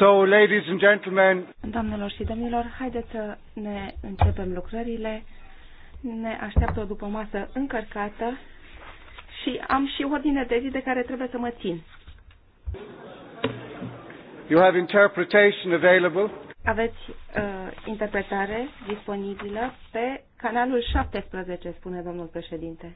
So, ladies and gentlemen, Doamnelor și domnilor, haideți să ne începem lucrările. Ne așteaptă după masă încărcată și am și ordine de zi de care trebuie să mă țin. You have interpretation available. Aveți uh, interpretare disponibilă pe canalul 17, spune domnul președinte.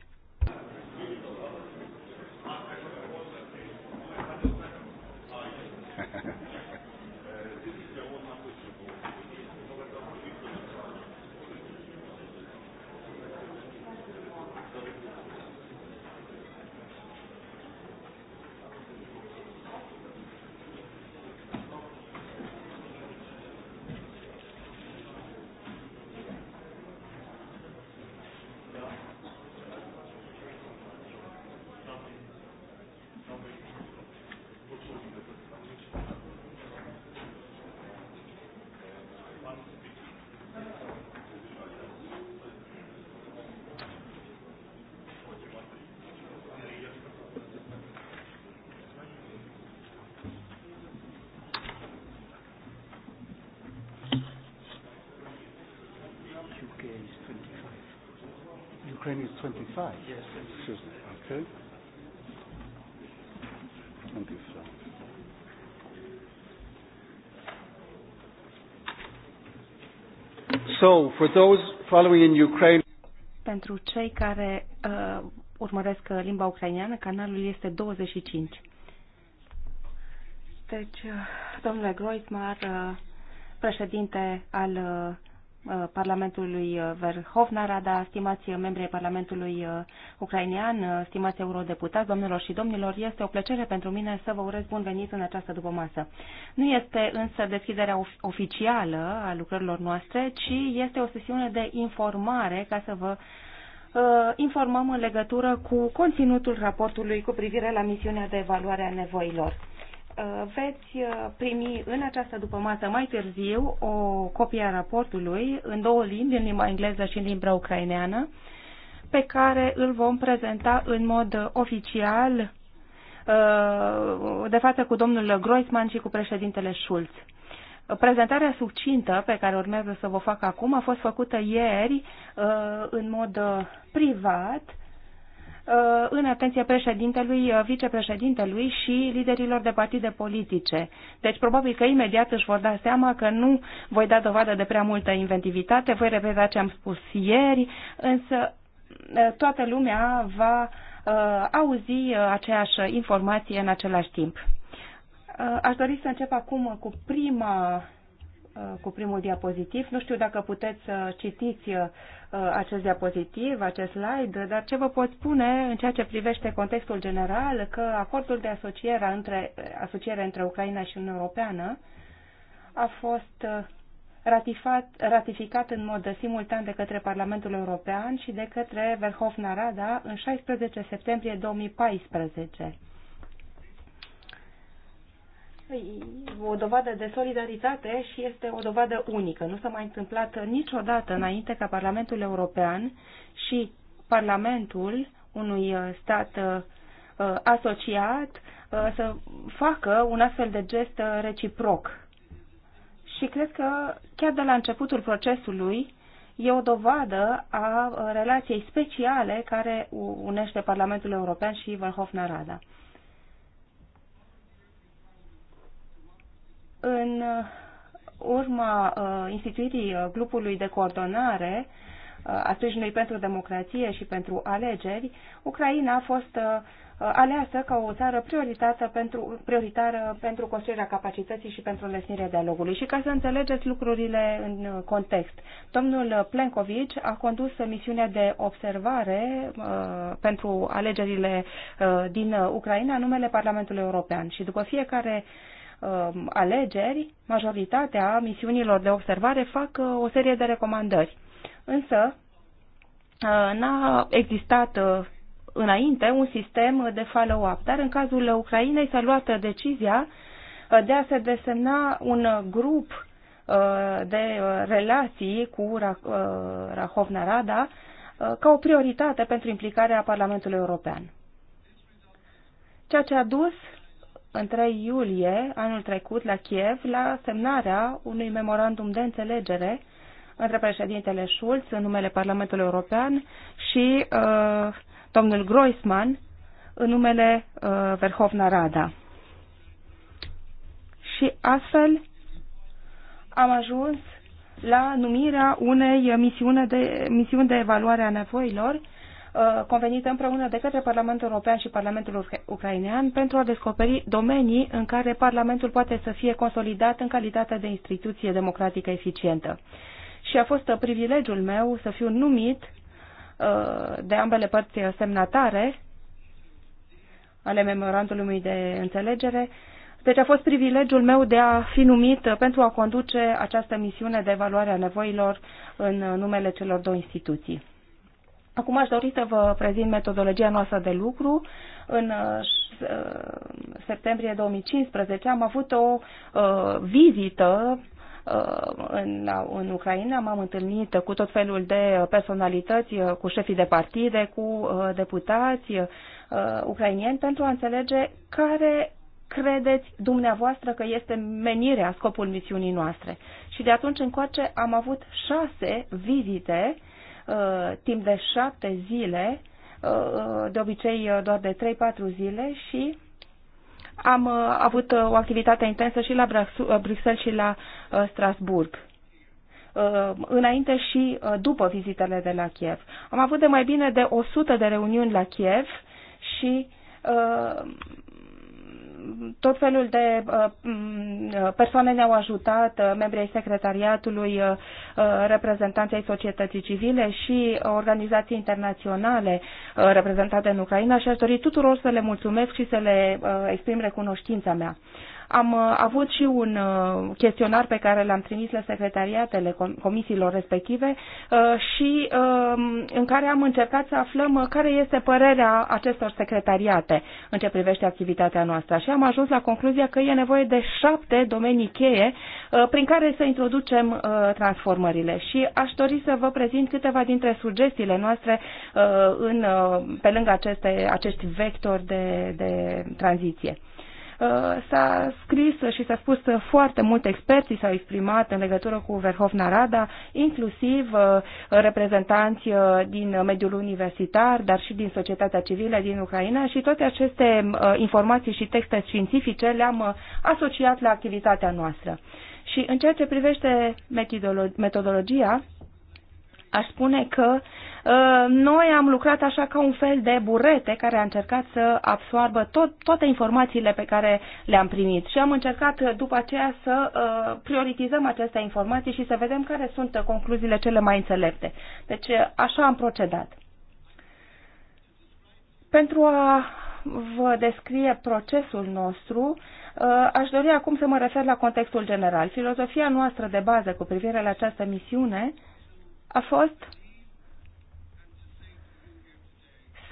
25? Yes. Excuse me. Okay. 25. So, for those following in Ukraine... Pentru cei care uh, urmăresc uh, limba ucraineană, canalul este 25. Deci, uh, domnule Groismar, uh, președinte al uh, Uh, Parlamentului uh, Verhovna Rada, stimați membrii Parlamentului uh, Ucrainean, stimați eurodeputați, domnilor și domnilor, este o plăcere pentru mine să vă urez bun venit în această dupămasă. Nu este însă deschiderea of oficială a lucrărilor noastre, ci este o sesiune de informare ca să vă informăm în legătură cu conținutul raportului cu privire la misiunea de evaluare a nevoilor. Uh, veți uh, primi în această dupa-masă mai târziu o copie a raportului în două limbi, în limba engleză și în limba ucraineană, pe care îl vom prezenta în mod oficial uh, de față cu domnul Groisman și cu președintele Schulz. Prezentarea succintă pe care urmează să vă fac acum a fost făcută ieri în mod privat Uh, în atenția președintelui, uh, vicepreședintelui și liderilor de partide politice. Deci probabil că imediat își vor da seama că nu voi da dovadă de prea multă inventivitate, voi repeta ce am spus ieri, însă uh, toată lumea va auzi aceeași informație în același timp. Aș dori să încep acum cu prima Uh, cu primul diapozitiv. Nu știu dacă puteți să citiți uh, acest diapozitiv, acest slide, dar ce vă pot spune în ceea ce privește contextul general, că acordul de asociere între, asociere între Ucraina și Uniunea Europeană a fost uh, ratificat, ratificat în mod simultan de către Parlamentul European și de către Verhofna Rada în 16 septembrie 2014 o dovadă de solidaritate și este o dovadă unică. Nu s-a mai întâmplat niciodată înainte ca Parlamentul European și Parlamentul unui uh, stat uh, uh, asociat să facă un astfel de gest reciproc. Și cred că chiar de la începutul procesului e o dovadă a relației speciale care unește Parlamentul European și Verhofna Rada. în uh, urma uh, instituirii uh, grupului de coordonare a sprijinului pentru democrație și pentru alegeri, Ucraina a fost aleasă ca o țară prioritară pentru, prioritară pentru construirea capacității și pentru înlesnirea dialogului. Și ca să înțelegeți lucrurile în context, domnul Plenković a condus misiunea de observare uh, pentru alegerile uh, din Ucraina în numele Parlamentului European și după fiecare uh, Um, alegeri, majoritatea misiunilor de observare fac uh, o serie de recomandări. Însă, uh, n-a existat uh, înainte un sistem de follow-up, dar în cazul Ucrainei s-a luat decizia de a se desemna un grup de relații cu Rahovna Rada ca o prioritate pentru implicarea Parlamentului European. Ceea ce a dus în 3 iulie anul trecut la Kiev la semnarea unui memorandum de înțelegere între președintele Schulz în numele Parlamentului European și uh, domnul Groisman în numele uh, Verhovna Rada. Și astfel am ajuns la numirea unei misiuni de, misiuni de evaluare a nevoilor Uh, convenită împreună de către Parlamentul European și Parlamentul Ucrainean pentru a descoperi domenii în care Parlamentul poate să fie consolidat în calitate de instituție democratică eficientă. Și a fost uh, privilegiul meu să fiu numit uh, de ambele părți semnatare ale memorandului de înțelegere. Deci a fost privilegiul meu de a fi numit pentru a conduce această misiune de evaluare a nevoilor în numele celor două instituții. Acum aș dori să vă prezint metodologia noastră de lucru. În uh, uh, septembrie 2015 am avut o uh, vizită în, în Ucraina m-am întâlnit cu tot felul de personalități, cu șefii de partide, cu deputați ucrainieni pentru a înțelege care credeți dumneavoastră că este menirea, scopul misiunii noastre. Și de atunci încoace am avut șase vizite uh, Uh, timp de șapte zile, uh, uh, de obicei doar de 3-4 zile și am avut o activitate intensă și la Bruxelles și la Strasburg înainte și după vizitele de la Kiev. Am avut de mai bine de 100 de reuniuni la Kiev și tot felul de uh, mm, persoane ne-au ajutat, uh, membrii ai secretariatului, uh, reprezentanții societății civile și organizații internaționale reprezentate în Ucraina și aș dori tuturor să le mulțumesc și să le exprim recunoștința mea. Am uh, avut și un uh, chestionar pe care l-am trimis la secretariatele comisiilor respective uh, și um, în care am încercat să aflăm care este părerea acestor secretariate în ce privește activitatea noastră. Și am ajuns la concluzia că e nevoie de șapte domenii cheie prin care să introducem transformările. Și aș dori să vă prezint câteva dintre sugestiile noastre în, pe lângă aceste, acești vectori de, de tranziție. Uh, s-a scris și s-a spus foarte mult, experții s-au exprimat în legătură cu Verhovna Rada, inclusiv uh, reprezentanți uh, din mediul universitar, dar și din societatea civilă din Ucraina și toate aceste informații și texte științifice le-am asociat la activitatea noastră. Și în ceea ce privește metodologia, aș spune că uh, Uh, noi am lucrat așa ca un fel de burete care a încercat să absoarbă tot, toate informațiile pe care le-am primit și am încercat uh, după aceea să uh, prioritizăm aceste informații și să vedem care sunt concluziile cele mai înțelepte. Deci așa am procedat. Pentru a vă descrie procesul nostru, aș dori acum să mă refer la contextul general. Filozofia noastră de bază cu privire la această misiune a fost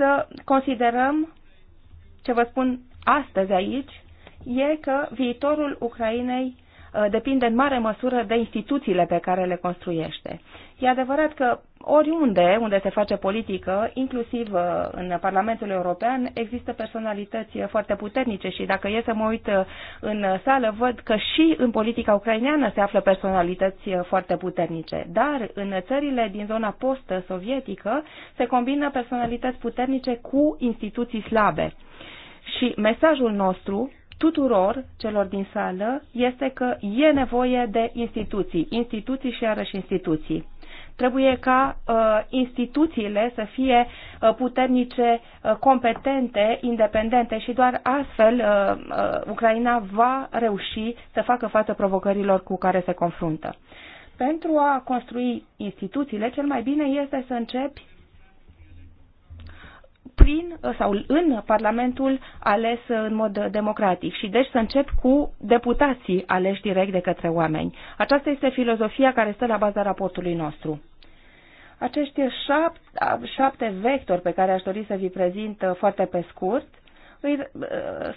să considerăm ce vă spun astăzi aici e că viitorul Ucrainei uh, depinde în mare măsură de instituțiile pe care le construiește. E adevărat că oriunde unde se face politică, inclusiv uh, în Parlamentul European, există personalități uh, foarte puternice și dacă e să mă uit uh, în sală, văd că și în politica ucraineană se află personalități foarte puternice. Dar în țările din zona post-sovietică se combină personalități puternice cu instituții slabe. Și mesajul nostru tuturor celor din sală este că e nevoie de instituții, instituții și iarăși instituții. Trebuie ca uh, instituțiile să fie uh, puternice, uh, competente, independente și doar astfel uh, uh, Ucraina va reuși să facă față provocărilor cu care se confruntă. Pentru a construi instituțiile, cel mai bine este să începi prin sau în Parlamentul ales în mod democratic și deci să încep cu deputații aleși direct de către oameni. Aceasta este filozofia care stă la baza raportului nostru. Acești șapte, șapte vectori pe care aș dori să vi prezint uh, foarte pe scurt îi, uh,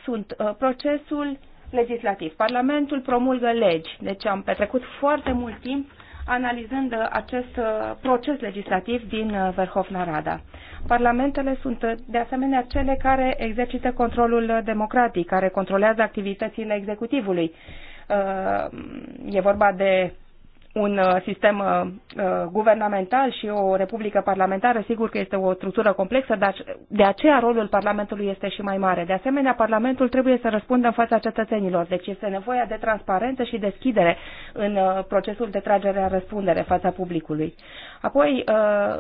sunt uh, procesul legislativ. Parlamentul promulgă legi, deci am petrecut foarte mult timp analizând acest proces legislativ din Verhofna Rada. Parlamentele sunt de asemenea cele care exercită controlul democratic, care controlează activitățile executivului. Uh, e vorba de un uh, sistem uh, uh, guvernamental și o republică parlamentară, sigur că este o structură complexă, dar de aceea rolul Parlamentului este și mai mare. De asemenea, Parlamentul trebuie să răspundă în fața cetățenilor, deci este nevoia de transparență și deschidere în procesul de tragere a răspundere fața publicului. Apoi,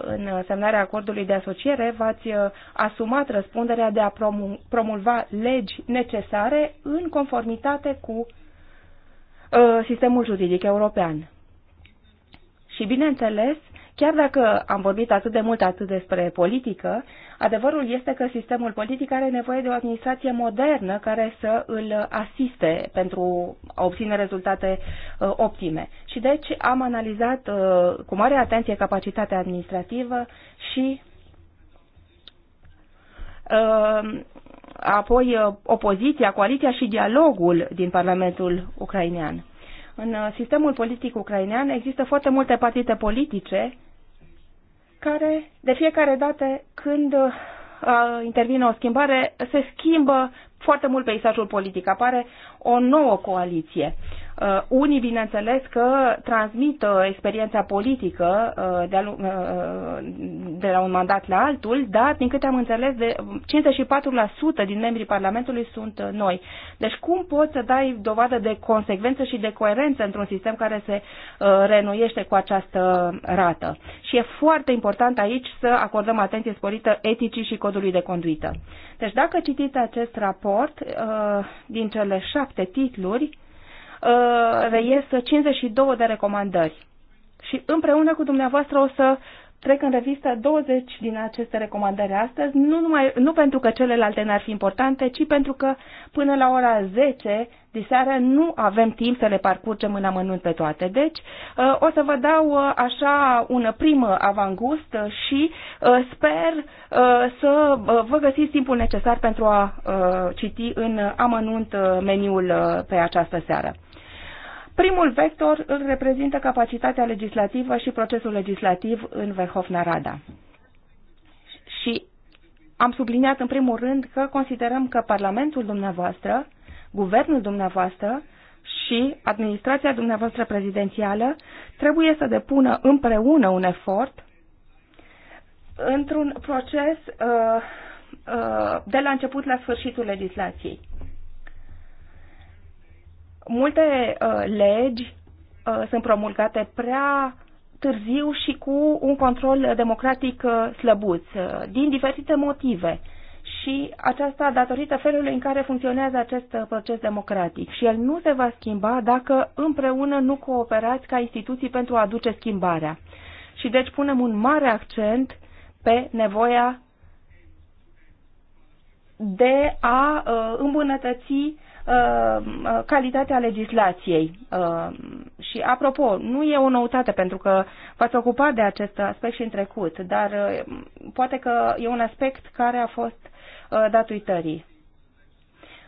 în semnarea acordului de asociere, v-ați asumat răspunderea de a promulva legi necesare în conformitate cu sistemul juridic european. Și bineînțeles, chiar dacă am vorbit atât de mult atât despre politică, adevărul este că sistemul politic are nevoie de o administrație modernă care să îl asiste pentru a obține rezultate uh, optime. Și deci am analizat uh, cu mare atenție capacitatea administrativă și uh, apoi uh, opoziția, coaliția și dialogul din Parlamentul ucrainean. În uh, sistemul politic ucrainean există foarte multe partide politice care, de fiecare dată când uh, intervine o schimbare, se schimbă foarte mult peisajul politic. Apare o nouă coaliție. Uh, unii, bineînțeles, că transmit uh, experiența politică uh, de, uh, de la un mandat la altul, dar, din câte am înțeles, de 54% din membrii Parlamentului sunt uh, noi. Deci cum poți să dai dovadă de consecvență și de coerență într-un sistem care se uh, renuiește cu această rată? Și e foarte important aici să acordăm atenție sporită eticii și codului de conduită. Deci dacă citiți acest raport, uh, din cele șapte titluri, Uh, reiesă 52 de recomandări. Și împreună cu dumneavoastră o să trec în revistă 20 din aceste recomandări astăzi, nu, numai, nu pentru că celelalte n-ar fi importante, ci pentru că până la ora 10 de seară nu avem timp să le parcurgem în amănunt pe toate. Deci uh, o să vă dau uh, așa un prim avangust și sper să vă găsiți timpul necesar pentru a citi în amănunt meniul pe această seară. Primul vector îl reprezintă capacitatea legislativă și procesul legislativ în Verhofna Rada. Și am subliniat în primul rând că considerăm că Parlamentul dumneavoastră, Guvernul dumneavoastră și administrația dumneavoastră prezidențială trebuie să depună împreună un efort într-un proces uh, uh, de la început la sfârșitul legislației. Multe uh, legi uh, sunt promulgate prea târziu și cu un control democratic uh, slăbuț, uh, din diferite motive. Și aceasta datorită felului în care funcționează acest uh, proces democratic. Și el nu se va schimba dacă împreună nu cooperați ca instituții pentru a aduce schimbarea. Și deci punem un mare accent pe nevoia de a uh, îmbunătăți uh, uh, calitatea legislației. Și, apropo, nu e o noutate pentru că v-ați ocupat de acest aspect și în trecut, dar poate că e un aspect care a fost dat uitării.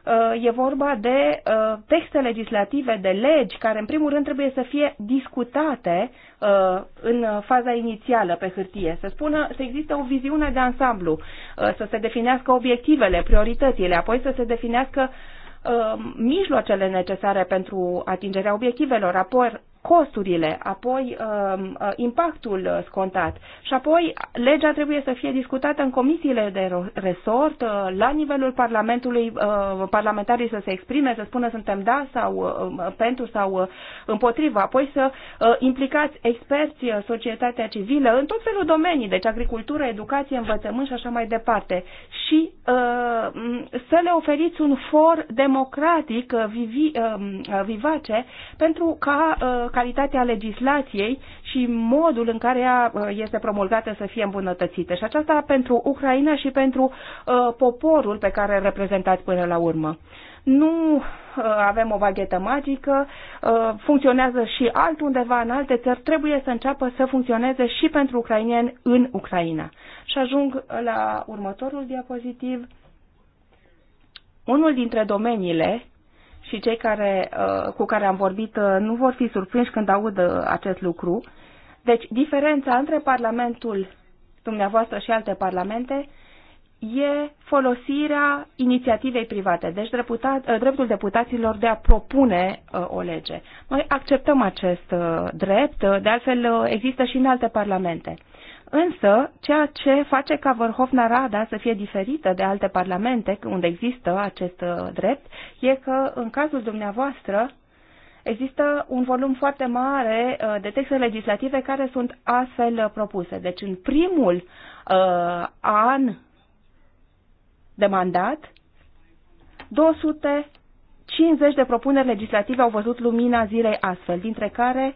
Uh, e vorba de uh, texte legislative, de legi, care în primul rând trebuie să fie discutate uh, în faza inițială pe hârtie, să spună, să există o viziune de ansamblu, să se definească obiectivele, prioritățile, apoi să se definească mijloacele necesare pentru atingerea obiectivelor, apoi, costurile, apoi um, uh, impactul scontat. Și apoi legea trebuie să fie discutată în comisiile de resort, uh, la nivelul Parlamentului, uh, parlamentarii să se exprime, să spună suntem da sau pentru sau împotriva, apoi să implicați experți, societatea civilă, în tot felul domenii, deci agricultură, educație, învățământ și așa mai departe. Și să le oferiți un for democratic vivi, vivace pentru ca calitatea legislației și modul în care ea uh, este promulgată să fie îmbunătățită. Și aceasta pentru Ucraina și pentru uh, poporul pe care îl reprezentați până la urmă nu uh, avem o baghetă magică, funcționează și altundeva în alte țări, trebuie să înceapă să funcționeze și pentru ucrainieni în Ucraina. Și ajung la următorul diapozitiv. Unul dintre domeniile și cei care, uh, cu care am vorbit uh, nu vor fi surprinși când aud uh, acest lucru. Deci, diferența între Parlamentul dumneavoastră și alte parlamente e folosirea inițiativei private, deci dreptul deputaților de a propune o lege. Noi acceptăm acest drept, de altfel există și în alte parlamente. Însă, ceea ce face ca Vărhovna Rada să fie diferită de alte parlamente unde există acest uh, drept, e că, în cazul dumneavoastră, există un volum foarte mare uh, de texte legislative care sunt astfel uh, propuse. Deci, în primul uh, an de mandat, 250 de propuneri legislative au văzut lumina zilei astfel, dintre care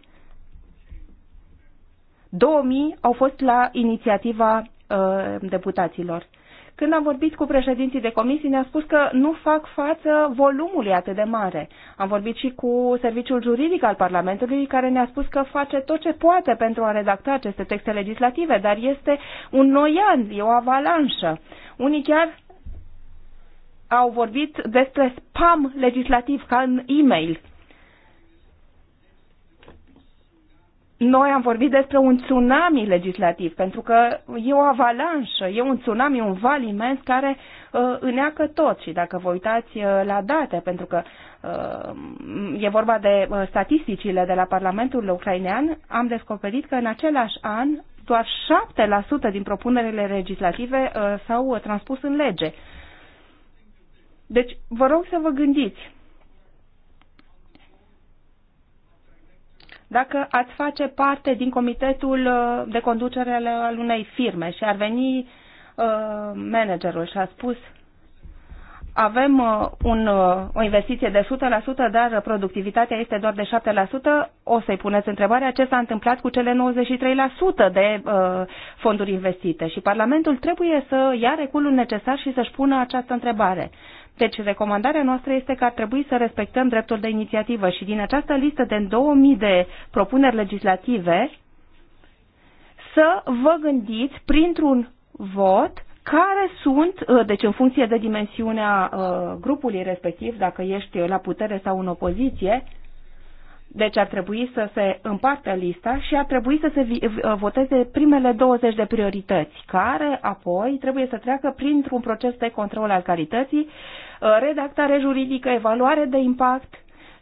2000 au fost la inițiativa uh, deputaților. Când am vorbit cu președinții de comisii, ne-a spus că nu fac față volumului atât de mare. Am vorbit și cu serviciul juridic al Parlamentului, care ne-a spus că face tot ce poate pentru a redacta aceste texte legislative, dar este un noian, e o avalanșă. Unii chiar au vorbit despre spam legislativ, ca în e-mail. Noi am vorbit despre un tsunami legislativ, pentru că e o avalanșă, e un tsunami, un val imens care uh, îneacă tot. Și dacă vă uitați uh, la date, pentru că uh, e vorba de uh, statisticile de la Parlamentul Ucrainean, am descoperit că în același an doar 7% din propunerile legislative uh, s-au uh, transpus în lege. Deci, vă rog să vă gândiți dacă ați face parte din comitetul uh, de conducere al unei firme și ar veni uh, managerul și a spus avem uh, un, uh, o investiție de 100%, dar productivitatea este doar de 7%, o să-i puneți întrebarea ce s-a întâmplat cu cele 93% de uh, fonduri investite. Și Parlamentul trebuie să ia reculul necesar și să-și pună această întrebare. Deci, recomandarea noastră este că ar trebui să respectăm dreptul de inițiativă și din această listă de 2000 de propuneri legislative să vă gândiți printr-un vot care sunt, uh, deci în funcție de dimensiunea uh, grupului respectiv, dacă ești la putere sau în opoziție, deci ar trebui să se împartă lista și ar trebui să se uh, voteze primele 20 de priorități, care apoi trebuie să treacă printr-un proces de control al calității, Uh, redactare juridică, evaluare de impact,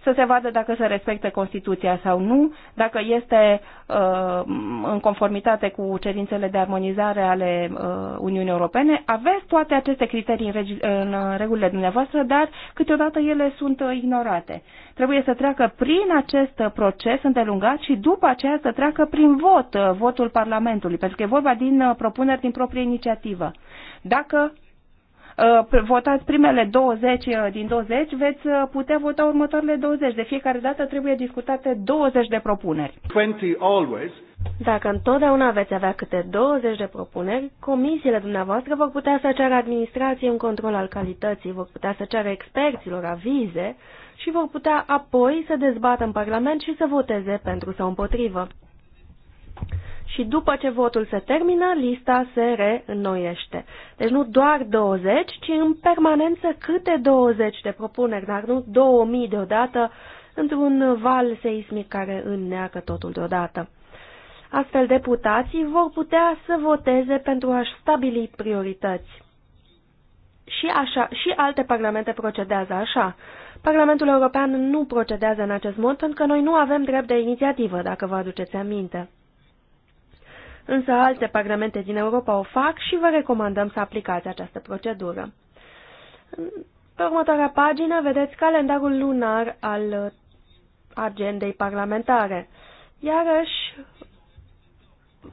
să se vadă dacă se respectă Constituția sau nu, dacă este uh, în conformitate cu cerințele de armonizare ale uh, Uniunii Europene. Aveți toate aceste criterii în, regi- în uh, regulile dumneavoastră, dar câteodată ele sunt uh, ignorate. Trebuie să treacă prin acest proces îndelungat și după aceea să treacă prin vot, votul Parlamentului, pentru că e vorba din propuneri din proprie inițiativă. Dacă Uh, votați primele 20 uh, din 20, veți uh, putea vota următoarele 20. De fiecare dată trebuie discutate 20 de propuneri. 20 always. Dacă întotdeauna veți avea câte 20 de propuneri, comisiile dumneavoastră vor putea să ceară administrației un control al calității, vor putea să ceară experților avize și vor putea apoi să dezbată în Parlament și să voteze pentru sau împotrivă și după ce votul se termină, lista se reînnoiește. Deci nu doar 20, ci în permanență câte 20 de propuneri, dar nu 2000 deodată, într-un val seismic care înneacă totul deodată. Astfel, deputații vor putea să voteze pentru a-și stabili priorități. Și, așa, și alte parlamente procedează așa. Parlamentul European nu procedează în acest mod pentru că noi nu avem drept de inițiativă, dacă vă aduceți aminte însă alte parlamente din Europa o fac și vă recomandăm să aplicați această procedură. Pe următoarea pagină vedeți calendarul lunar al agendei parlamentare. Iarăși,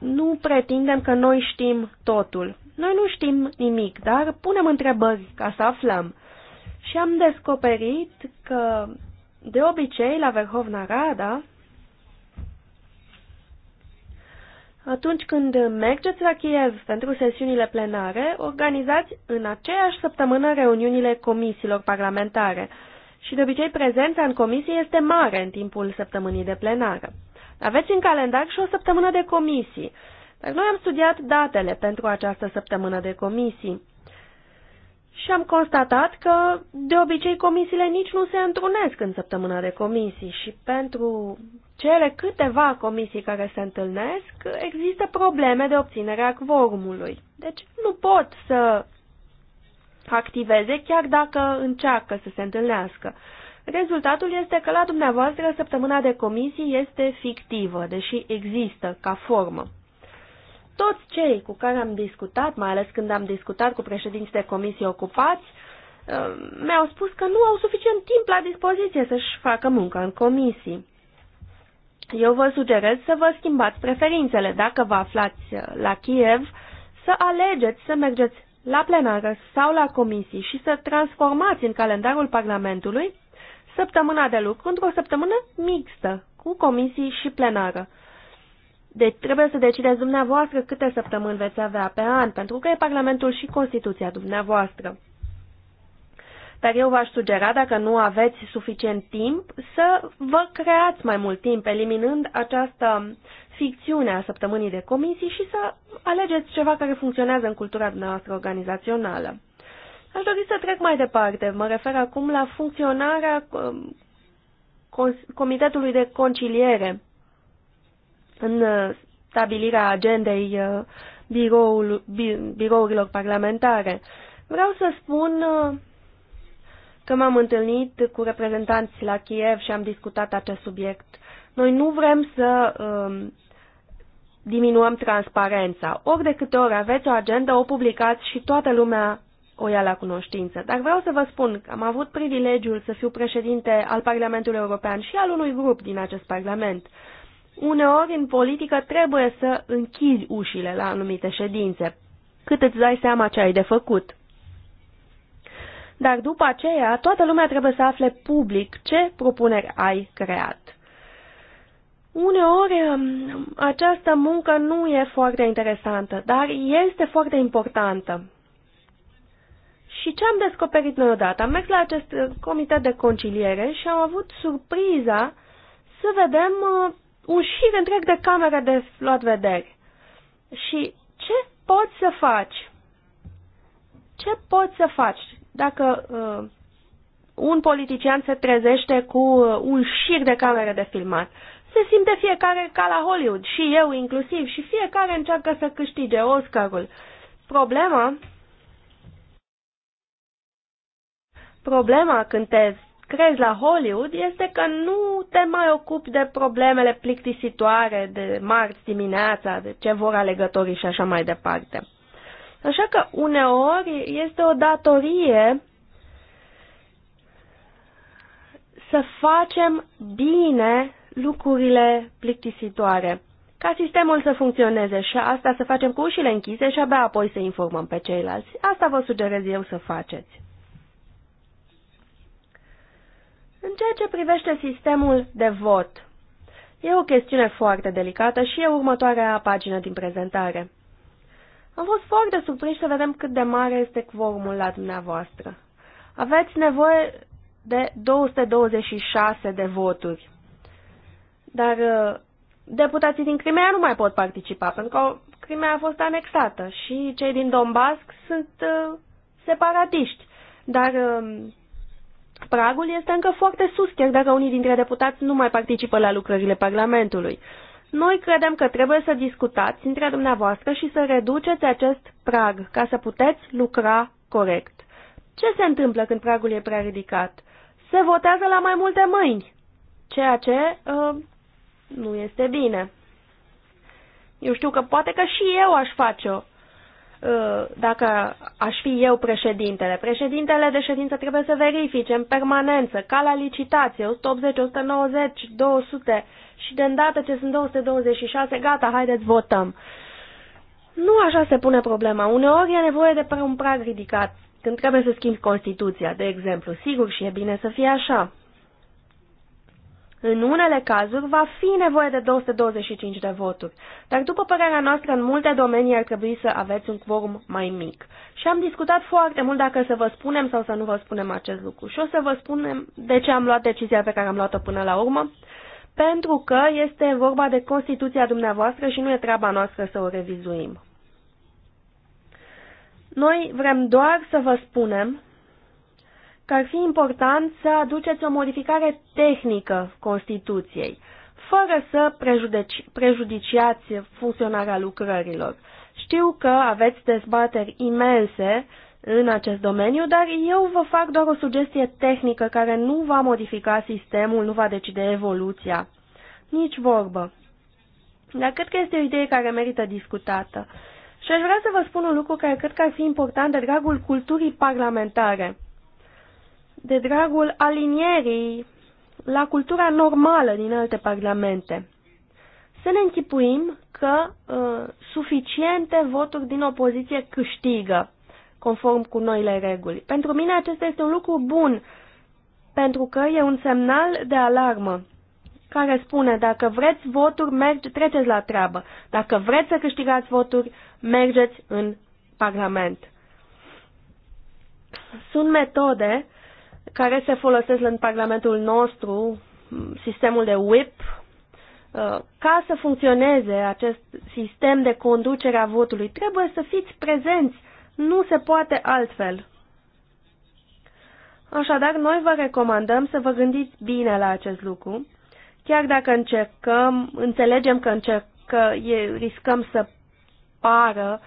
nu pretindem că noi știm totul. Noi nu știm nimic, dar punem întrebări ca să aflăm. Și am descoperit că, de obicei, la Verhovna Rada, Atunci când mergeți la Kiev pentru sesiunile plenare, organizați în aceeași săptămână reuniunile comisiilor parlamentare și de obicei prezența în comisie este mare în timpul săptămânii de plenară. Aveți în calendar și o săptămână de comisii, dar noi am studiat datele pentru această săptămână de comisii și am constatat că de obicei comisiile nici nu se întrunesc în săptămâna de comisii și pentru cele câteva comisii care se întâlnesc există probleme de obținere a quorumului. Deci nu pot să activeze chiar dacă încearcă să se întâlnească. Rezultatul este că la dumneavoastră săptămâna de comisii este fictivă, deși există ca formă toți cei cu care am discutat, mai ales când am discutat cu președinții de comisii ocupați, uh, mi-au spus că nu au suficient timp la dispoziție să-și facă munca în comisii. Eu vă sugerez să vă schimbați preferințele dacă vă aflați uh, la Kiev, să alegeți să mergeți la plenară sau la comisii și să transformați în calendarul Parlamentului săptămâna de lucru într-o săptămână mixtă cu comisii și plenară. Deci trebuie să decideți dumneavoastră câte săptămâni veți avea pe an, pentru că e Parlamentul și Constituția dumneavoastră. Dar eu v-aș sugera, dacă nu aveți suficient timp, să vă creați mai mult timp, eliminând această ficțiune a săptămânii de comisii și să alegeți ceva care funcționează în cultura dumneavoastră organizațională. Aș dori să trec mai departe. Mă refer acum la funcționarea um, Comitetului de Conciliere în uh, stabilirea agendei uh, biroul, birourilor parlamentare. Vreau să spun uh, că m-am întâlnit cu reprezentanți la Kiev și am discutat acest subiect. Noi nu vrem să um, diminuăm transparența. Ori de câte ori aveți o agendă, o publicați și toată lumea o ia la cunoștință. Dar vreau să vă spun că am avut privilegiul să fiu președinte al Parlamentului European și al unui grup din acest Parlament uneori în politică trebuie să închizi ușile la anumite ședințe, cât îți dai seama ce ai de făcut. Dar după aceea, toată lumea trebuie să afle public ce propuneri ai creat. Uneori um, această muncă nu e foarte interesantă, dar este foarte importantă. Și ce am descoperit noi odată? Am mers la acest uh, comitet de conciliere și am avut surpriza să vedem uh, un șir întreg de camere de luat vederi. Și ce poți să faci? Ce poți să faci dacă uh, un politician se trezește cu uh, un șir de camere de filmat? Se simte fiecare ca la Hollywood, și eu inclusiv, și fiecare încearcă să câștige Oscarul. Problema Problema când te crezi la Hollywood este că nu te mai ocupi de problemele plictisitoare de marți dimineața, de ce vor alegătorii și așa mai departe. Așa că uneori este o datorie să facem bine lucrurile plictisitoare, ca sistemul să funcționeze și asta să facem cu ușile închise și abia apoi să informăm pe ceilalți. Asta vă sugerez eu să faceți. ceea ce privește sistemul de vot, e o chestiune foarte delicată și e următoarea pagină din prezentare. Am fost foarte surprinși să vedem cât de mare este quorumul la dumneavoastră. Aveți nevoie de 226 de voturi. Dar uh, deputații din Crimea nu mai pot participa, pentru că Crimea a fost anexată și cei din Donbass sunt uh, separatiști. Dar uh, Pragul este încă foarte sus, chiar dacă unii dintre deputați nu mai participă la lucrările Parlamentului. Noi credem că trebuie să discutați între dumneavoastră și să reduceți acest prag ca să puteți lucra corect. Ce se întâmplă când pragul e prea ridicat? Se votează la mai multe mâini, ceea ce uh, nu este bine. Eu știu că poate că și eu aș face-o, Uh, dacă aș fi eu președintele. Președintele de ședință trebuie să verifice în permanență, ca la licitație, 180, 190, 200 și de îndată ce sunt 226, gata, haideți, votăm. Nu așa se pune problema. Uneori e nevoie de un prag ridicat, când trebuie să schimbi Constituția, de exemplu. Sigur și e bine să fie așa. În unele cazuri va fi nevoie de 225 de voturi, dar după părerea noastră în multe domenii ar trebui să aveți un quorum mai mic. Și am discutat foarte mult dacă să vă spunem sau să nu vă spunem acest lucru. Și o să vă spunem de ce am luat decizia pe care am luat-o până la urmă, pentru că este vorba de Constituția dumneavoastră și nu e treaba noastră să o revizuim. Noi vrem doar să vă spunem că ar fi important să aduceți o modificare tehnică Constituției, fără să prejudeci, prejudiciați funcționarea lucrărilor. Știu că aveți dezbateri imense în acest domeniu, dar eu vă fac doar o sugestie tehnică care nu va modifica sistemul, nu va decide evoluția. Nici vorbă. Dar cred că este o idee care merită discutată. Și aș vrea să vă spun un lucru care cred că ar fi important de dragul culturii parlamentare de dragul alinierii la cultura normală din alte parlamente. Să ne închipuim că uh, suficiente voturi din opoziție câștigă, conform cu noile reguli. Pentru mine acesta este un lucru bun, pentru că e un semnal de alarmă care spune dacă vreți voturi, merge, treceți la treabă. Dacă vreți să câștigați voturi, mergeți în Parlament. Sunt metode care se folosesc în Parlamentul nostru, sistemul de WIP, uh, ca să funcționeze acest sistem de conducere a votului, trebuie să fiți prezenți. Nu se poate altfel. Așadar, noi vă recomandăm să vă gândiți bine la acest lucru, chiar dacă încercăm, înțelegem că, încerc, că e, riscăm să pară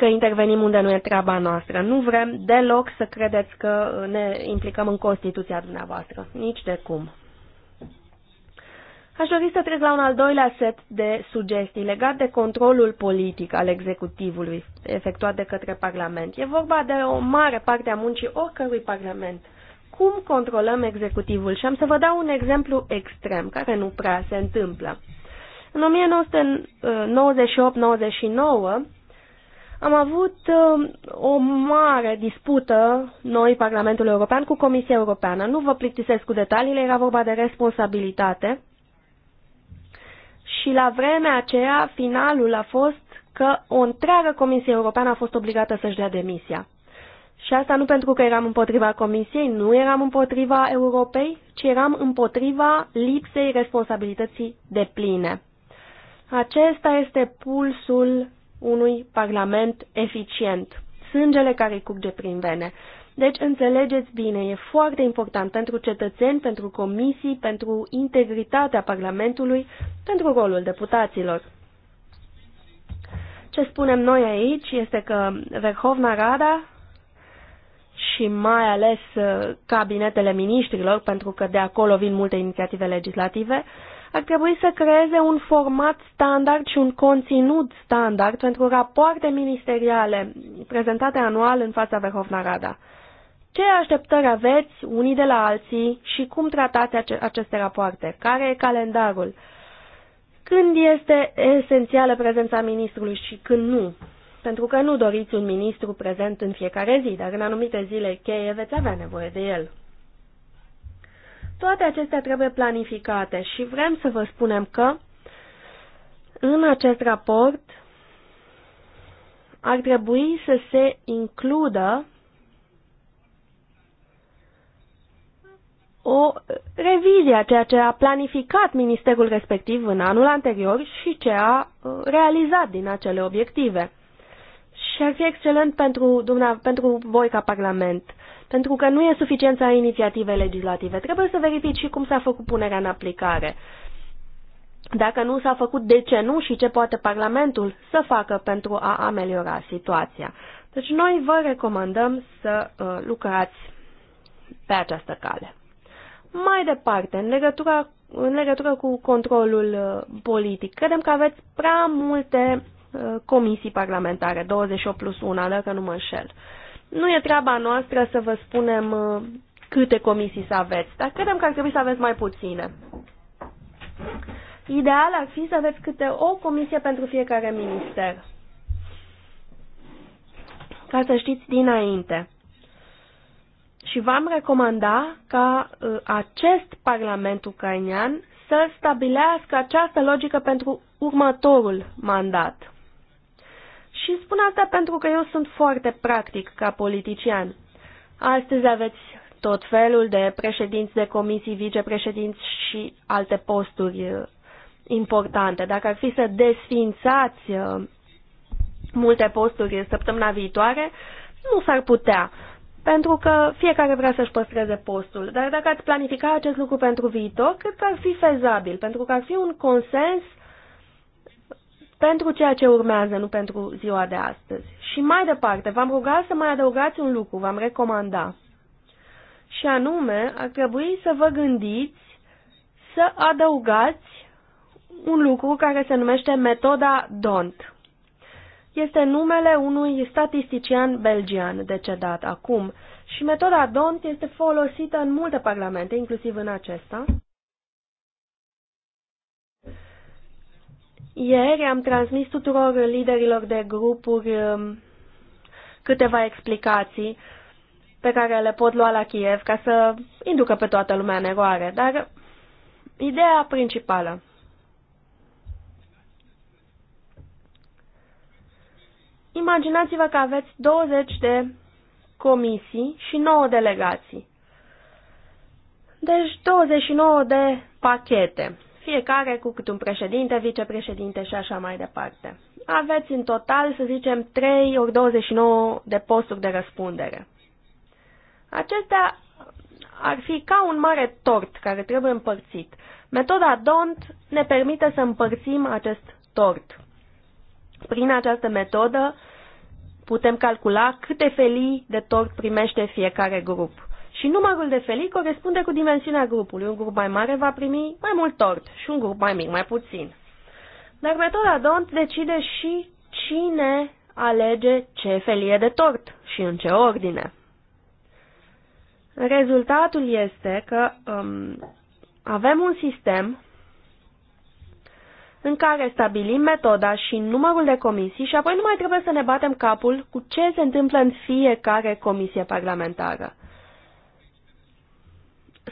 că intervenim unde nu e treaba noastră. Nu vrem deloc să credeți că ne implicăm în Constituția dumneavoastră. Nici de cum. Aș dori să trec la un al doilea set de sugestii legat de controlul politic al executivului efectuat de către Parlament. E vorba de o mare parte a muncii oricărui Parlament. Cum controlăm executivul? Și am să vă dau un exemplu extrem, care nu prea se întâmplă. În 1998-99, am avut uh, o mare dispută, noi, Parlamentul European, cu Comisia Europeană. Nu vă plictisesc cu detaliile, era vorba de responsabilitate. Și la vremea aceea, finalul a fost că o întreagă Comisie Europeană a fost obligată să-și dea demisia. Și asta nu pentru că eram împotriva Comisiei, nu eram împotriva Europei, ci eram împotriva lipsei responsabilității de pline. Acesta este pulsul unui parlament eficient. Sângele care curge prin vene. Deci, înțelegeți bine, e foarte important pentru cetățeni, pentru comisii, pentru integritatea Parlamentului, pentru rolul deputaților. Ce spunem noi aici este că Verhovna Rada și mai ales uh, cabinetele miniștrilor, pentru că de acolo vin multe inițiative legislative, ar trebui să creeze un format standard și un conținut standard pentru rapoarte ministeriale prezentate anual în fața Verhovna Rada. Ce așteptări aveți unii de la alții și cum tratați aceste rapoarte? Care e calendarul? Când este esențială prezența ministrului și când nu? Pentru că nu doriți un ministru prezent în fiecare zi, dar în anumite zile cheie veți avea nevoie de el. Toate acestea trebuie planificate și vrem să vă spunem că în acest raport ar trebui să se includă o revizie a ceea ce a planificat ministerul respectiv în anul anterior și ce a uh, realizat din acele obiective. Și ar fi excelent pentru, pentru voi ca Parlament pentru că nu e suficiența inițiative legislative. Trebuie să verifici și cum s-a făcut punerea în aplicare. Dacă nu s-a făcut, de ce nu și ce poate Parlamentul să facă pentru a ameliora situația. Deci noi vă recomandăm să uh, lucrați pe această cale. Mai departe, în legătură, în legătură cu controlul uh, politic, credem că aveți prea multe uh, comisii parlamentare, 28 plus 1, dacă nu mă înșel. Uh, nu e treaba noastră să vă spunem uh, câte comisii să aveți, dar credem că ar trebui să aveți mai puține. Ideal ar fi să aveți câte o comisie pentru fiecare minister. Ca să știți dinainte. Și v-am recomanda ca uh, acest Parlament ucrainean să stabilească această logică pentru următorul mandat. Și spun asta pentru că eu sunt foarte practic ca politician. Astăzi aveți tot felul de președinți de comisii, vicepreședinți și alte posturi uh, importante. Dacă ar fi să desfințați uh, multe posturi săptămâna viitoare, nu s-ar putea, pentru că fiecare vrea să-și păstreze postul. Dar dacă ați planifica acest lucru pentru viitor, cred că ar fi fezabil, pentru că ar fi un consens pentru ceea ce urmează, nu pentru ziua de astăzi. Și mai departe, v-am rugat să mai adăugați un lucru, v-am recomanda. Și anume, ar trebui să vă gândiți să adăugați un lucru care se numește metoda DONT. Este numele unui statistician belgian decedat acum și metoda DONT este folosită în multe parlamente, inclusiv în acesta. Ieri am transmis tuturor liderilor de grupuri um, câteva explicații pe care le pot lua la Kiev ca să inducă pe toată lumea în eroare, dar ideea principală. Imaginați-vă că aveți 20 de comisii și 9 delegații. Deci 29 de pachete fiecare cu cât un președinte, vicepreședinte și așa mai departe. Aveți în total, să zicem, 3 ori 29 de posturi de răspundere. Acestea ar fi ca un mare tort care trebuie împărțit. Metoda DONT ne permite să împărțim acest tort. Prin această metodă putem calcula câte felii de tort primește fiecare grup. Și numărul de felii corespunde cu dimensiunea grupului. Un grup mai mare va primi mai mult tort și un grup mai mic mai puțin. Dar metoda DONT decide și cine alege ce felie de tort și în ce ordine. Rezultatul este că um, avem un sistem în care stabilim metoda și numărul de comisii și apoi nu mai trebuie să ne batem capul cu ce se întâmplă în fiecare comisie parlamentară.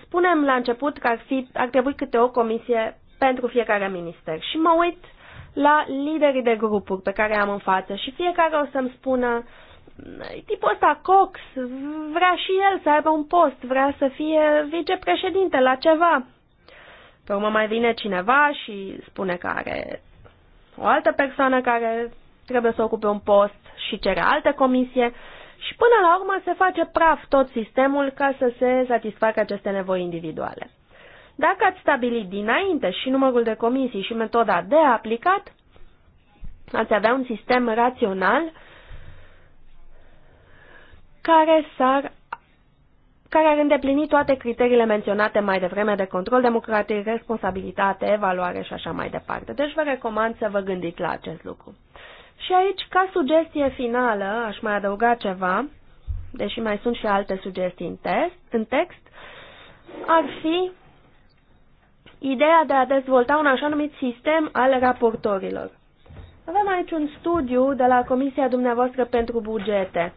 Spunem la început că ar, fi, ar trebui câte o comisie pentru fiecare minister și mă uit la liderii de grupuri pe care am în față și fiecare o să-mi spună tipul ăsta Cox vrea și el să aibă un post, vrea să fie vicepreședinte la ceva. Pe urmă mai vine cineva și spune că are o altă persoană care trebuie să ocupe un post și cere altă comisie și până la urmă se face praf tot sistemul ca să se satisfacă aceste nevoi individuale. Dacă ați stabilit dinainte și numărul de comisii și metoda de aplicat, ați avea un sistem rațional care, s-ar, care ar îndeplini toate criteriile menționate mai devreme de control democratic, responsabilitate, evaluare și așa mai departe. Deci vă recomand să vă gândiți la acest lucru. Și aici, ca sugestie finală, aș mai adăuga ceva, deși mai sunt și alte sugestii în, test, în text, ar fi ideea de a dezvolta un așa numit sistem al raportorilor. Avem aici un studiu de la Comisia dumneavoastră pentru bugete.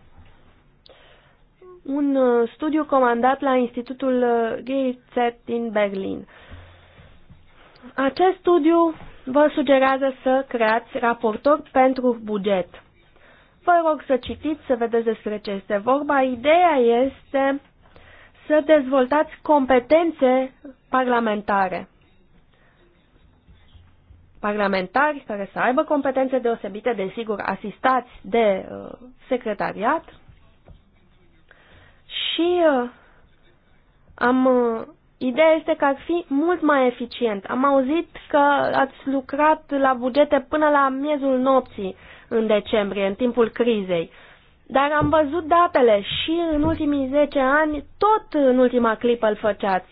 Un uh, studiu comandat la Institutul uh, Goethe din Berlin. Acest studiu vă sugerează să creați raportor pentru buget. Vă rog să citiți, să vedeți despre ce este vorba. Ideea este să dezvoltați competențe parlamentare. Parlamentari care să aibă competențe deosebite, desigur, asistați de uh, secretariat. Și uh, am uh, Ideea este că ar fi mult mai eficient. Am auzit că ați lucrat la bugete până la miezul nopții în decembrie, în timpul crizei. Dar am văzut datele și în ultimii 10 ani, tot în ultima clipă îl făceați,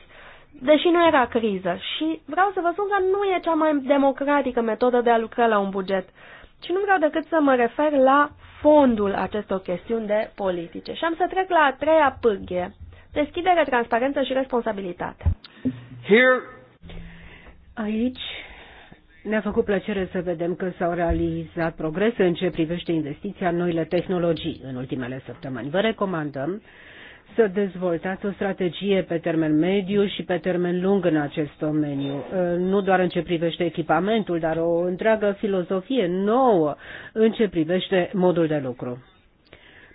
deși nu era criză. Și vreau să vă spun că nu e cea mai democratică metodă de a lucra la un buget. Și nu vreau decât să mă refer la fondul acestor chestiuni de politice. Și am să trec la a treia pârghie Deschidere, transparență și responsabilitate. Here... Aici ne-a făcut plăcere să vedem că s-au realizat progrese în ce privește investiția în noile tehnologii în ultimele săptămâni. Vă recomandăm să dezvoltați o strategie pe termen mediu și pe termen lung în acest domeniu, uh, nu doar în ce privește echipamentul, dar o întreagă filozofie nouă în ce privește modul de lucru.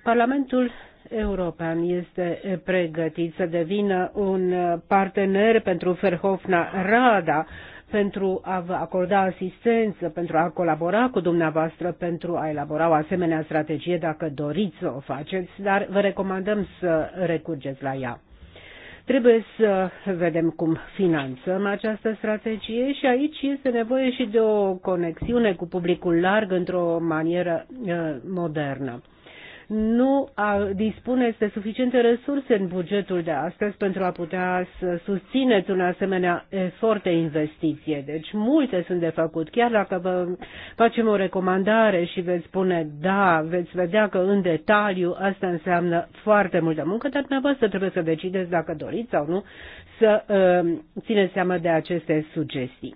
Parlamentul european este pregătit să devină un partener pentru Ferhofna Rada, pentru a vă acorda asistență, pentru a colabora cu dumneavoastră, pentru a elabora o asemenea strategie dacă doriți să o faceți, dar vă recomandăm să recurgeți la ea. Trebuie să vedem cum finanțăm această strategie și aici este nevoie și de o conexiune cu publicul larg într-o manieră uh, modernă nu a, dispuneți de suficiente resurse în bugetul de astăzi pentru a putea să susțineți un asemenea efort de investiție. Deci multe sunt de făcut. Chiar dacă vă facem o recomandare și veți spune da, veți vedea că în detaliu asta înseamnă foarte multă muncă, dar dumneavoastră trebuie să decideți dacă doriți sau nu să uh, țineți seama de aceste sugestii.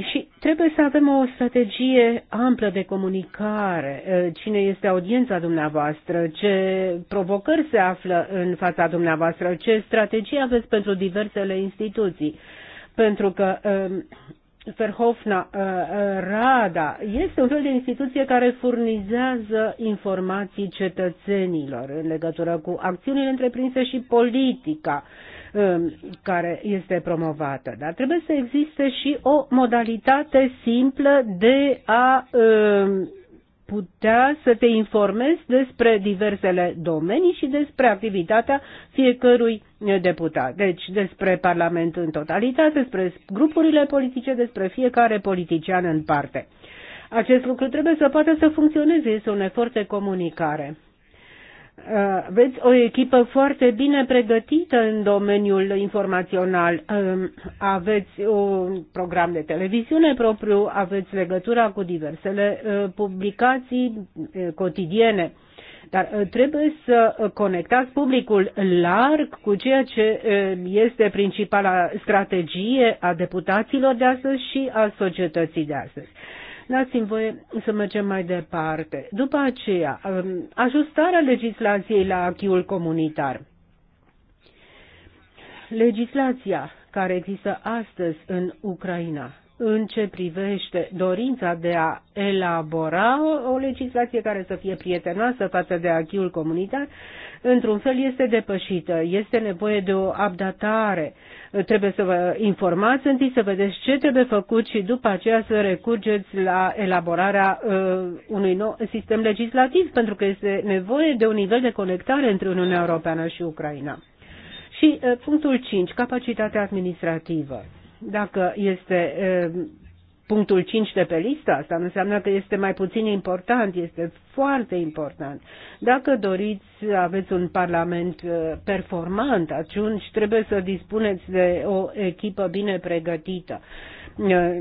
Și trebuie să avem o strategie amplă de comunicare. Cine este audiența dumneavoastră? Ce provocări se află în fața dumneavoastră? Ce strategie aveți pentru diversele instituții? Pentru că Ferhofna Rada este un fel de instituție care furnizează informații cetățenilor în legătură cu acțiunile întreprinse și politica Um, care este promovată. Dar trebuie să existe și o modalitate simplă de a um, putea să te informezi despre diversele domenii și despre activitatea fiecărui deputat. Deci despre Parlament în totalitate, despre grupurile politice, despre fiecare politician în parte. Acest lucru trebuie să poată să funcționeze, este un efort de comunicare aveți uh, o echipă foarte bine pregătită în domeniul informațional. Um, aveți un program de televiziune propriu, aveți legătura cu diversele uh, publicații uh, cotidiene. Dar trebuie să conectați publicul larg cu ceea ce este principala strategie a deputaților de astăzi și a societății de astăzi lați mi voie să mergem mai departe. După aceea, um, ajustarea legislației la achiul comunitar. Legislația care există astăzi în Ucraina în ce privește dorința de a elabora o, o legislație care să fie prietenoasă față de achiul comunitar, într-un fel este depășită. Este nevoie de o abdatare trebuie să vă informați întâi, să vedeți ce trebuie făcut și după aceea să recurgeți la elaborarea uh, unui nou sistem legislativ, pentru că este nevoie de un nivel de conectare între Uniunea Europeană și Ucraina. Și uh, punctul 5, capacitatea administrativă. Dacă este uh, punctul 5 de pe listă, asta nu înseamnă că este mai puțin important, este foarte important. Dacă doriți să aveți un parlament uh, performant, atunci trebuie să dispuneți de o echipă bine pregătită. Uh,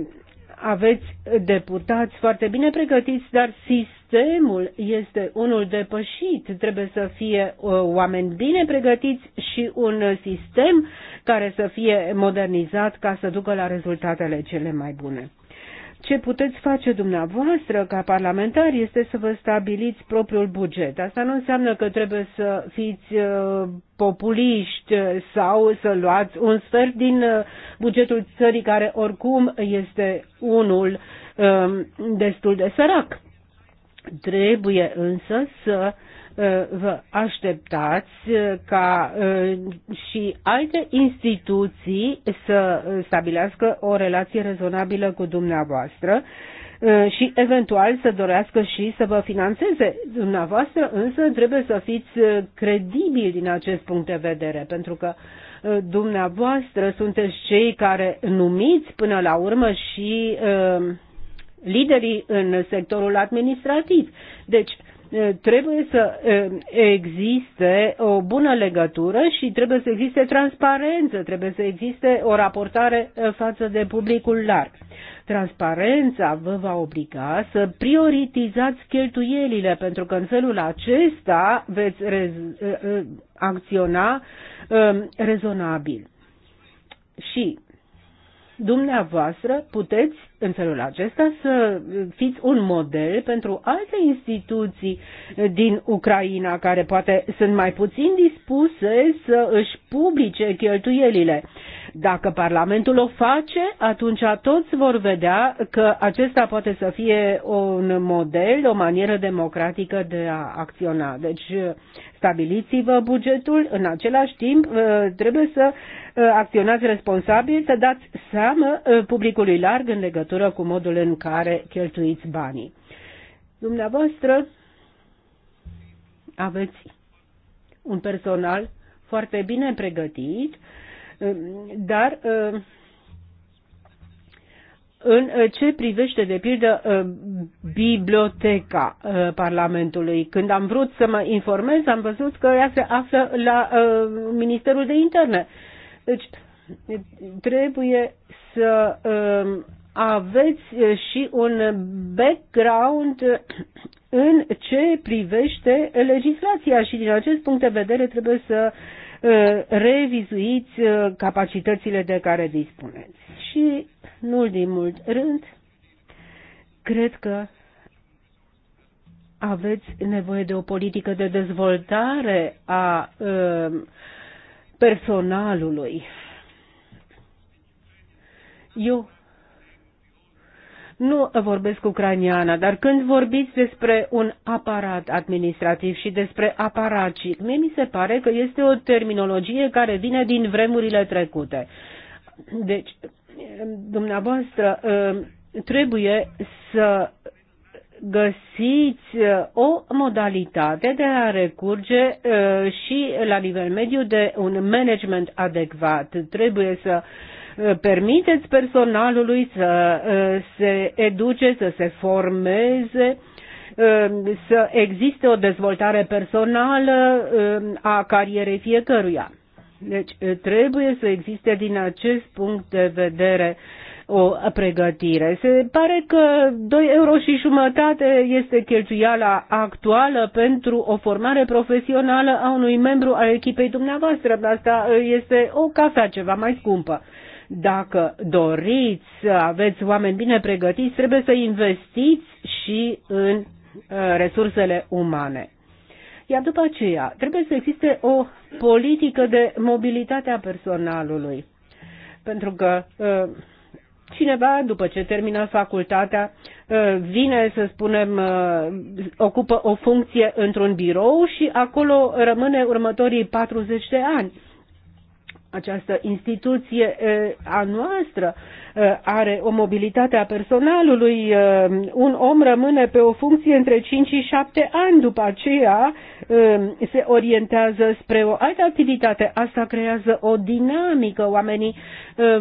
aveți deputați foarte bine pregătiți, dar sistemul este unul depășit. Trebuie să fie uh, oameni bine pregătiți și un sistem care să fie modernizat ca să ducă la rezultatele cele mai bune. Ce puteți face dumneavoastră ca parlamentar este să vă stabiliți propriul buget. Asta nu înseamnă că trebuie să fiți uh, populiști sau să luați un sfert din uh, bugetul țării care oricum este unul um, destul de sărac. Trebuie însă să uh, Eh, vă așteptați eh, ca eh, și alte instituții să stabilească o relație rezonabilă cu dumneavoastră și eventual să dorească și să vă financeze. Dumneavoastră însă trebuie să fiți credibili din acest punct de vedere, pentru că dumneavoastră sunteți cei care numiți până la urmă și liderii în sectorul administrativ. Deci, Eh, trebuie să eh, existe o bună legătură și trebuie să existe transparență, trebuie să existe o raportare eh, față de publicul larg. Transparența vă va obliga să prioritizați cheltuielile, pentru că în felul acesta veți rez- acționa rezonabil. Și dumneavoastră puteți în felul acesta să fiți un model pentru alte instituții din Ucraina care poate sunt mai puțin dispuse să își publice cheltuielile. Dacă Parlamentul o face, atunci toți vor vedea că acesta poate să fie un model, o manieră democratică de a acționa. Deci stabiliți-vă bugetul, în același timp uh, trebuie să uh, acționați responsabil, să dați seamă uh, publicului larg în legătură cu modul în care cheltuiți banii. Dumneavoastră aveți un personal foarte bine pregătit, dar uh, în uh, ce privește, de pildă, uh, biblioteca Parlamentului. Când am vrut să mă informez, am văzut că ea se află la Ministerul de Interne. Deci, trebuie să um, aveți și un background în ce privește legislația și din acest punct de vedere trebuie să Uh, revizuiți uh, capacitățile de care dispuneți. Și, nu din mult rând, cred că aveți nevoie de o politică de dezvoltare a uh, personalului. Eu nu vorbesc ucraniana, dar când vorbiți despre un aparat administrativ și despre aparatcic, mie mi se pare că este o terminologie care vine din vremurile trecute. Deci, dumneavoastră, uh, trebuie să găsiți uh, o modalitate de a recurge uh, și la nivel mediu de un management adecvat. Trebuie să uh, permiteți personalului să uh, se educe, să se formeze, um, să existe o dezvoltare personală um, a carierei fiecăruia. Deci uh, trebuie să existe din acest punct de vedere o pregătire. Se pare că 2 euro și jumătate este cheltuiala actuală pentru o formare profesională a unui membru al echipei dumneavoastră. Asta uh, este o cafea ceva mai scumpă. Dacă doriți să aveți oameni bine pregătiți, trebuie să investiți și în uh, resursele umane. Iar după aceea, trebuie să existe o politică de mobilitate a personalului. Pentru că uh, cineva, după ce termină facultatea, uh, vine, să spunem, ocupă o funcție într-un birou și acolo rămâne următorii 40 de ani această instituție a noastră are o mobilitate a personalului. Un om rămâne pe o funcție între 5 și 7 ani, după aceea se orientează spre o altă activitate. Asta creează o dinamică. Oamenii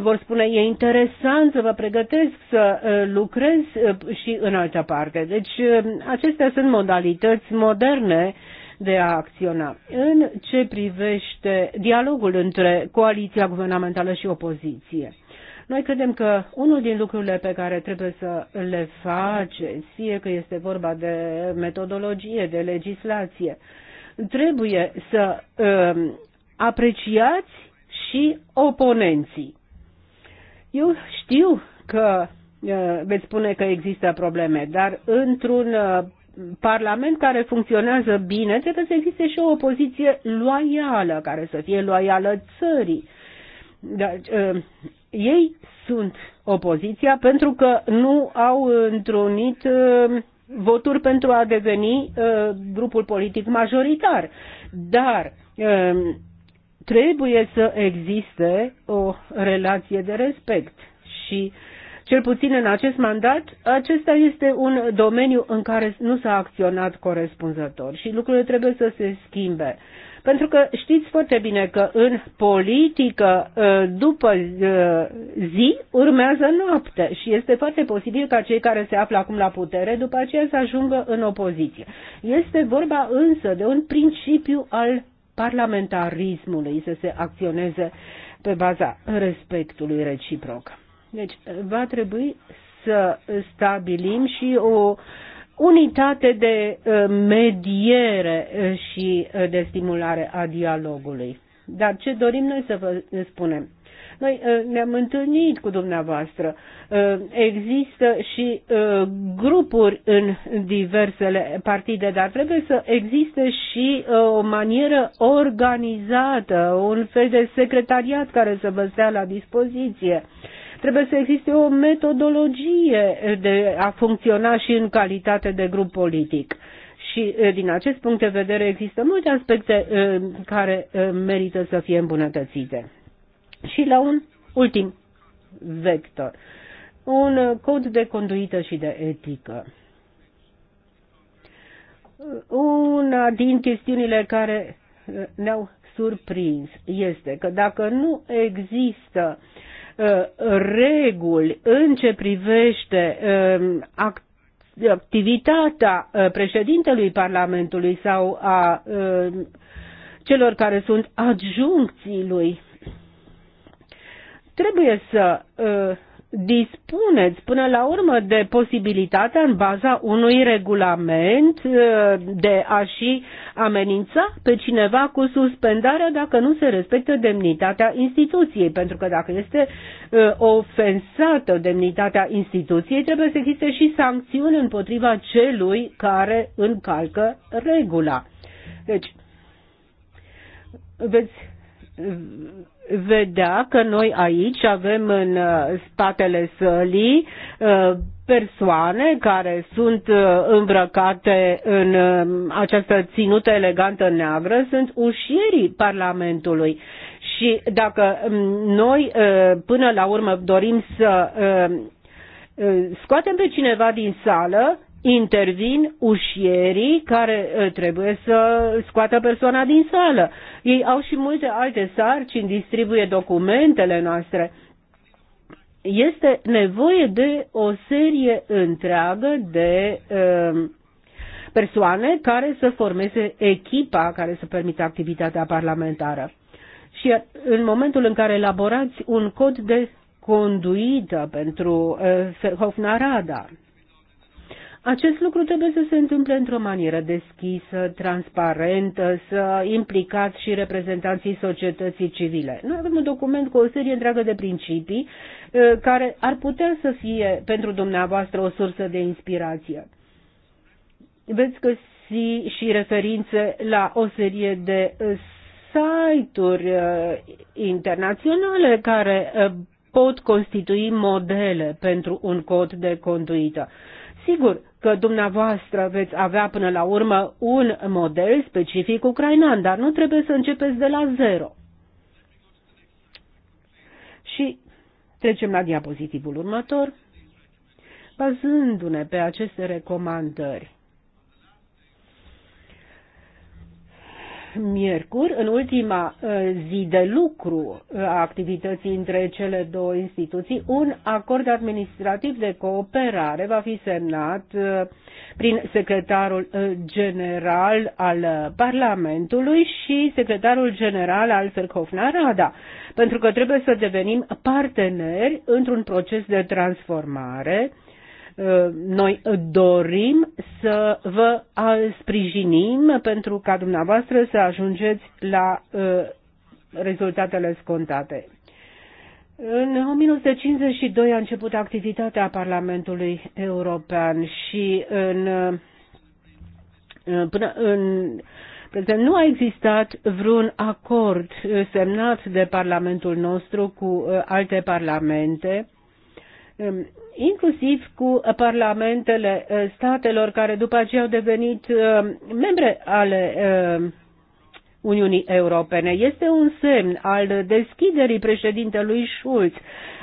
vor spune, e interesant să vă pregătesc să lucrez și în altă parte. Deci acestea sunt modalități moderne de a acționa. În ce privește dialogul între coaliția guvernamentală și opoziție, noi credem că unul din lucrurile pe care trebuie să le face, fie că este vorba de metodologie, de legislație, trebuie să uh, apreciați și oponenții. Eu știu că uh, veți spune că există probleme, dar într-un uh, Parlament care funcționează bine, trebuie să existe și o opoziție loială, care să fie loială țării. Dar, uh, ei sunt opoziția pentru că nu au întrunit uh, voturi pentru a deveni uh, grupul politic majoritar. Dar uh, trebuie să existe o relație de respect și uh, cel puțin în acest mandat, acesta este un domeniu în care nu s-a acționat corespunzător și lucrurile trebuie să se schimbe. Pentru că știți foarte bine că în politică, ă, după ă, zi, urmează noapte și este foarte posibil ca cei care se află acum la putere, după aceea să ajungă în opoziție. Este vorba însă de un principiu al parlamentarismului să se acționeze pe baza respectului reciproc. Deci va trebui să stabilim și o unitate de uh, mediere uh, și uh, de stimulare a dialogului. Dar ce dorim noi să vă spunem? Noi ne-am întâlnit cu dumneavoastră. Există și grupuri în diversele partide, dar trebuie să existe și o manieră organizată, un fel de secretariat care să vă stea la dispoziție Trebuie să existe o metodologie de a funcționa și în calitate de grup politic. Și din acest punct de vedere există multe aspecte care merită să fie îmbunătățite. Și la un ultim vector, un cod de conduită și de etică. Una din chestiunile care ne-au surprins este că dacă nu există Uh, reguli în ce privește um, activitatea uh, președintelui Parlamentului sau a um, celor care sunt adjuncții lui. Trebuie să uh, dispuneți până la urmă de posibilitatea în baza unui regulament uh, de a și amenința pe cineva cu suspendarea dacă nu se respectă demnitatea instituției, pentru că dacă este uh, ofensată demnitatea instituției, trebuie să existe și sancțiuni împotriva celui care încalcă regula. Deci, veți vedea că noi aici avem în spatele sălii uh, persoane care sunt uh, îmbrăcate în uh, această ținută elegantă neagră, sunt ușierii Parlamentului. Și dacă um, noi până la urmă dorim să scoatem pe cineva din sală, intervin ușierii care uh, trebuie să scoată persoana din sală. Ei au și multe alte sarcini, distribuie documentele noastre. Este nevoie de o serie întreagă de uh, persoane care să formeze echipa care să permită activitatea parlamentară. Și uh, în momentul în care elaborați un cod de conduită pentru Hofnarada, acest lucru trebuie să se întâmple într-o manieră deschisă, transparentă, să implicați și reprezentanții societății civile. Noi avem un document cu o serie întreagă de principii uh, care ar putea să fie pentru dumneavoastră o sursă de inspirație. Veți găsi și referințe la o serie de uh, site-uri uh, internaționale care pot constitui modele pentru un cod de conduită sigur că dumneavoastră veți avea până la urmă un model specific ucrainean, dar nu trebuie să începeți de la zero. Și trecem la diapozitivul următor. Bazându-ne pe aceste recomandări, miercuri, în ultima uh, zi de lucru uh, a activității între cele două instituții, un acord administrativ de cooperare va fi semnat uh, prin secretarul general al Parlamentului și secretarul general al Ferhofna Rada, pentru că trebuie să devenim parteneri într-un proces de transformare noi dorim să vă sprijinim pentru ca dumneavoastră să ajungeți la rezultatele scontate. În 1952 a început activitatea Parlamentului European și în, până în prezent nu a existat vreun acord semnat de Parlamentul nostru cu alte parlamente inclusiv cu parlamentele eh, statelor care după aceea au devenit eh, membre ale eh, Uniunii Europene. Este un semn al deschiderii președintelui Schulz,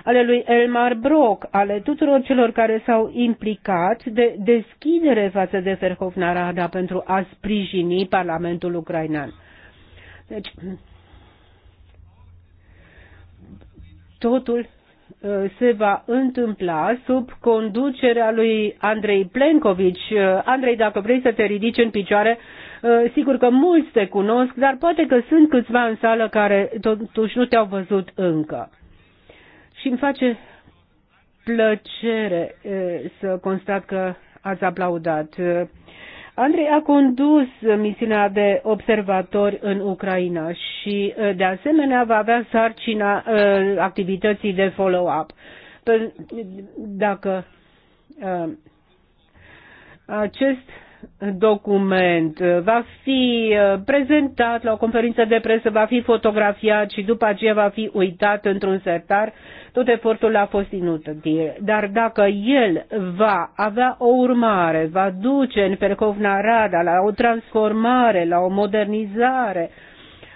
ale lui Elmar Brock, ale tuturor celor care s-au implicat de deschidere față de Verhofna Rada pentru a sprijini Parlamentul ucrainean. Deci, totul Uh, se va întâmpla sub conducerea lui Andrei Plenkovici. Uh, Andrei, dacă vrei să te ridici în picioare, uh, sigur că mulți te cunosc, dar poate că sunt câțiva în sală care totuși nu te-au văzut încă. Și îmi face plăcere să constat că ați aplaudat. Andrei a condus misiunea de observatori în Ucraina și, ă, de asemenea, va avea sarcina ă, activității de follow-up. Dacă ă, acest document va fi eh, prezentat la o conferință de presă, va fi fotografiat și după aceea va fi uitat într-un sertar, tot efortul a fost inutil. Dar dacă el va avea o urmare, va duce în Percovna Rada la o transformare, la o modernizare,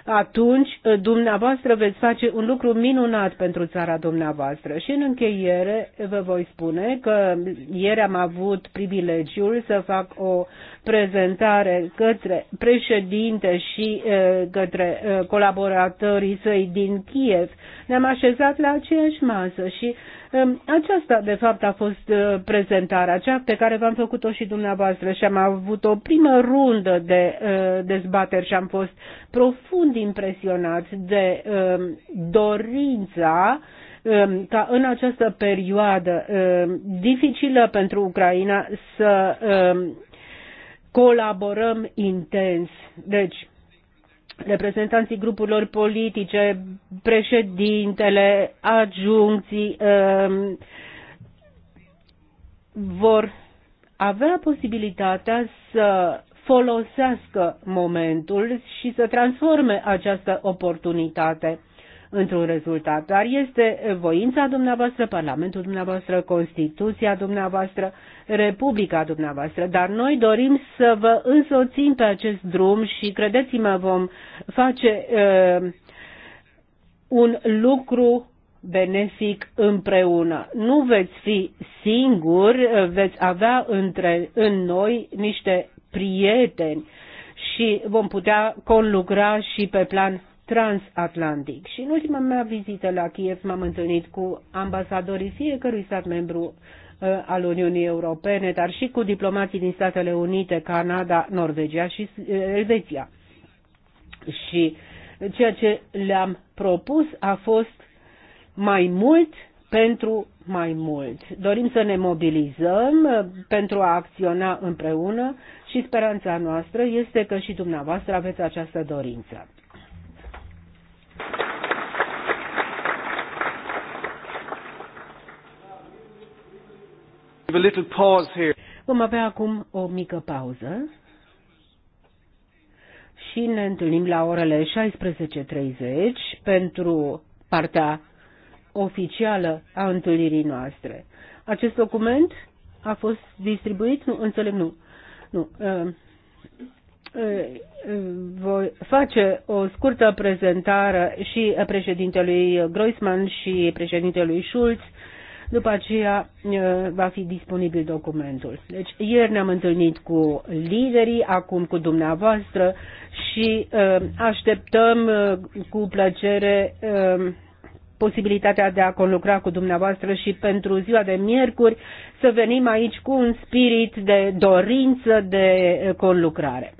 atunci eh, dumneavoastră veți face un lucru minunat pentru țara dumneavoastră. Și în încheiere vă voi spune că ieri am avut privilegiul să fac o prezentare către președinte și eh, către eh, colaboratorii săi din Kiev. Ne-am așezat la aceeași masă și Ehm, aceasta, de fapt, a fost uh, prezentarea, cea pe care v-am făcut-o și dumneavoastră și am avut o primă rundă de uh, dezbateri și am fost profund impresionat de ehm, dorința ehm, ca în această perioadă dificilă pentru Ucraina să colaborăm intens. Deci, reprezentanții grupurilor politice, președintele, adjuncții um, vor avea posibilitatea să folosească momentul și să transforme această oportunitate într-un rezultat, dar este voința dumneavoastră, Parlamentul dumneavoastră, Constituția dumneavoastră, Republica dumneavoastră, dar noi dorim să vă însoțim pe acest drum și credeți-mă vom face uh, un lucru benefic împreună. Nu veți fi singuri, veți avea între în noi niște prieteni și vom putea conlucra și pe plan transatlantic. Și în ultima mea vizită la Kiev m-am întâlnit cu ambasadorii fiecărui stat membru uh, al Uniunii Europene, dar și cu diplomații din Statele Unite, Canada, Norvegia și uh, Elveția. Și ceea ce le-am propus a fost mai mult pentru mai mult. Dorim să ne mobilizăm uh, pentru a acționa împreună și speranța noastră este că și dumneavoastră aveți această dorință. Vom avea acum o mică pauză și ne întâlnim la orele 16.30 pentru partea oficială a întâlnirii noastre. Acest document a fost distribuit? Nu, înțeleg, nu. Nu. Ă, ă, ă, voi face o scurtă prezentare și președintelui Groisman și președintelui Schulz după aceea va fi disponibil documentul. Deci ieri ne-am întâlnit cu liderii, acum cu dumneavoastră și așteptăm cu plăcere posibilitatea de a conlucra cu dumneavoastră și pentru ziua de miercuri să venim aici cu un spirit de dorință de conlucrare.